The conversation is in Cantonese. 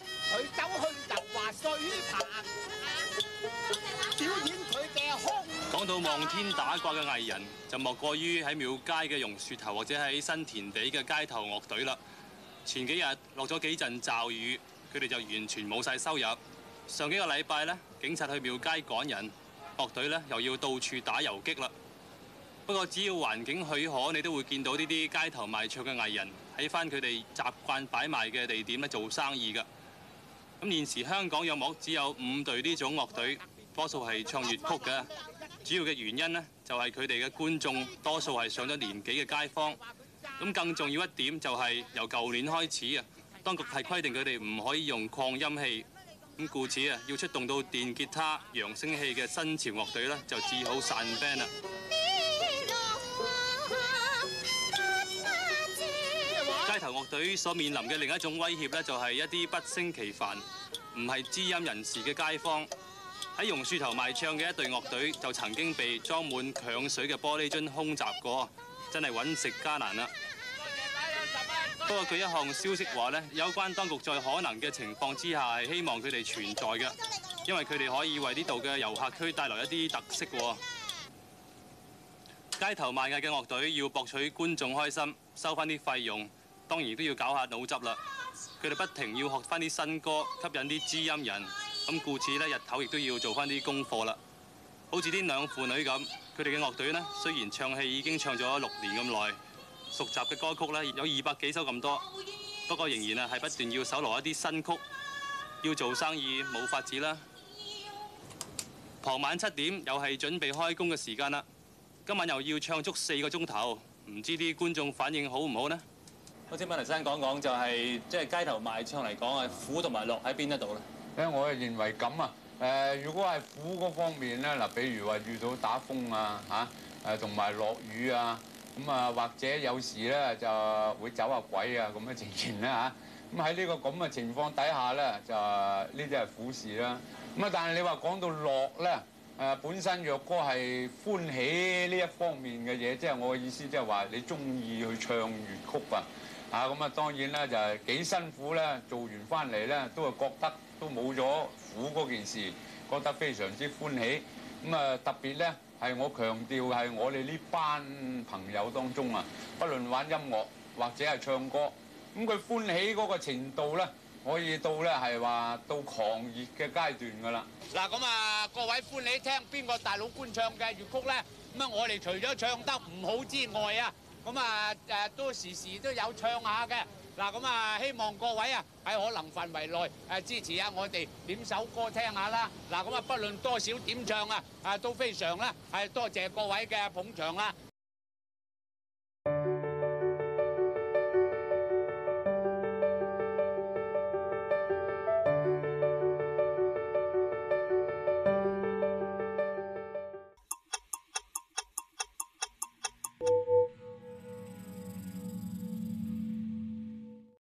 佢走去就華水棚表演佢嘅。講到望天打卦嘅藝人，就莫過於喺廟街嘅榕樹頭，或者喺新田地嘅街頭樂隊啦。前幾日落咗幾陣驟雨，佢哋就完全冇晒收入。上幾個禮拜呢，警察去廟街趕人，樂隊呢，又要到處打游擊啦。不過，只要環境許可，你都會見到呢啲街頭賣唱嘅藝人喺翻佢哋習慣擺賣嘅地點咧做生意噶。咁現時香港有樂只有五隊呢種樂隊，多數係唱粵曲嘅。主要嘅原因呢，就係佢哋嘅觀眾多數係上咗年紀嘅街坊。咁更重要一點就係由舊年開始啊，當局係規定佢哋唔可以用擴音器，咁故此啊，要出動到電吉他、揚聲器嘅新潮樂隊呢，就只好散 band 啦。隊所面臨嘅另一種威脅呢，就係、是、一啲不勝其煩，唔係知音人士嘅街坊喺榕樹頭賣唱嘅一隊樂隊，就曾經被裝滿強水嘅玻璃樽空襲過，真係揾食艱難啦、啊。不過據一項消息話呢，有關當局在可能嘅情況之下係希望佢哋存在嘅，因為佢哋可以為呢度嘅遊客區帶來一啲特色嘅。街頭賣藝嘅樂隊要博取觀眾開心，收返啲費用。當然都要搞下腦汁啦！佢哋不停要學返啲新歌，吸引啲知音人，咁故此，日頭亦都要做返啲功課啦。好似啲兩父女咁，佢哋嘅樂隊呢，雖然唱戲已經唱咗六年咁耐，熟習嘅歌曲呢有二百幾首咁多，不過仍然是係不斷要搜羅一啲新曲，要做生意冇法子啦。傍晚七點又係準備開工嘅時間啦，今晚又要唱足四個鐘頭，唔知啲觀眾反應好唔好呢？我先問阿生講講、就是，就係即係街頭賣唱嚟講啊，苦同埋樂喺邊一度咧？誒，我係認為咁啊。誒，如果係苦嗰方面咧，嗱，比如話遇到打風啊、嚇誒，同埋落雨啊，咁啊，或者有時咧就會走下鬼啊，咁嘅情形咧嚇。咁喺呢個咁嘅情況底下咧，就呢啲係苦事啦。咁啊，但係你話講到樂咧，誒，本身若果係歡喜呢一方面嘅嘢，即係我嘅意思，即係話你中意去唱粵曲啊。啊，咁啊，當然咧就係幾辛苦咧，做完翻嚟咧都係覺得都冇咗苦嗰件事，覺得非常之歡喜。咁啊，特別咧係我強調係我哋呢班朋友當中啊，不論玩音樂或者係唱歌，咁佢歡喜嗰個程度咧，可以到咧係話到狂熱嘅階段㗎喇。嗱，咁啊，各位歡喜聽邊個大佬官唱嘅粵曲咧？咁啊，我哋除咗唱得唔好之外啊～咁啊誒多時時都有唱下嘅嗱，咁啊希望各位啊喺可能範圍內誒、啊、支持下、啊、我哋點首歌聽下啦嗱，咁啊不論多少點唱啊啊都非常啦，係多謝各位嘅捧場啦、啊。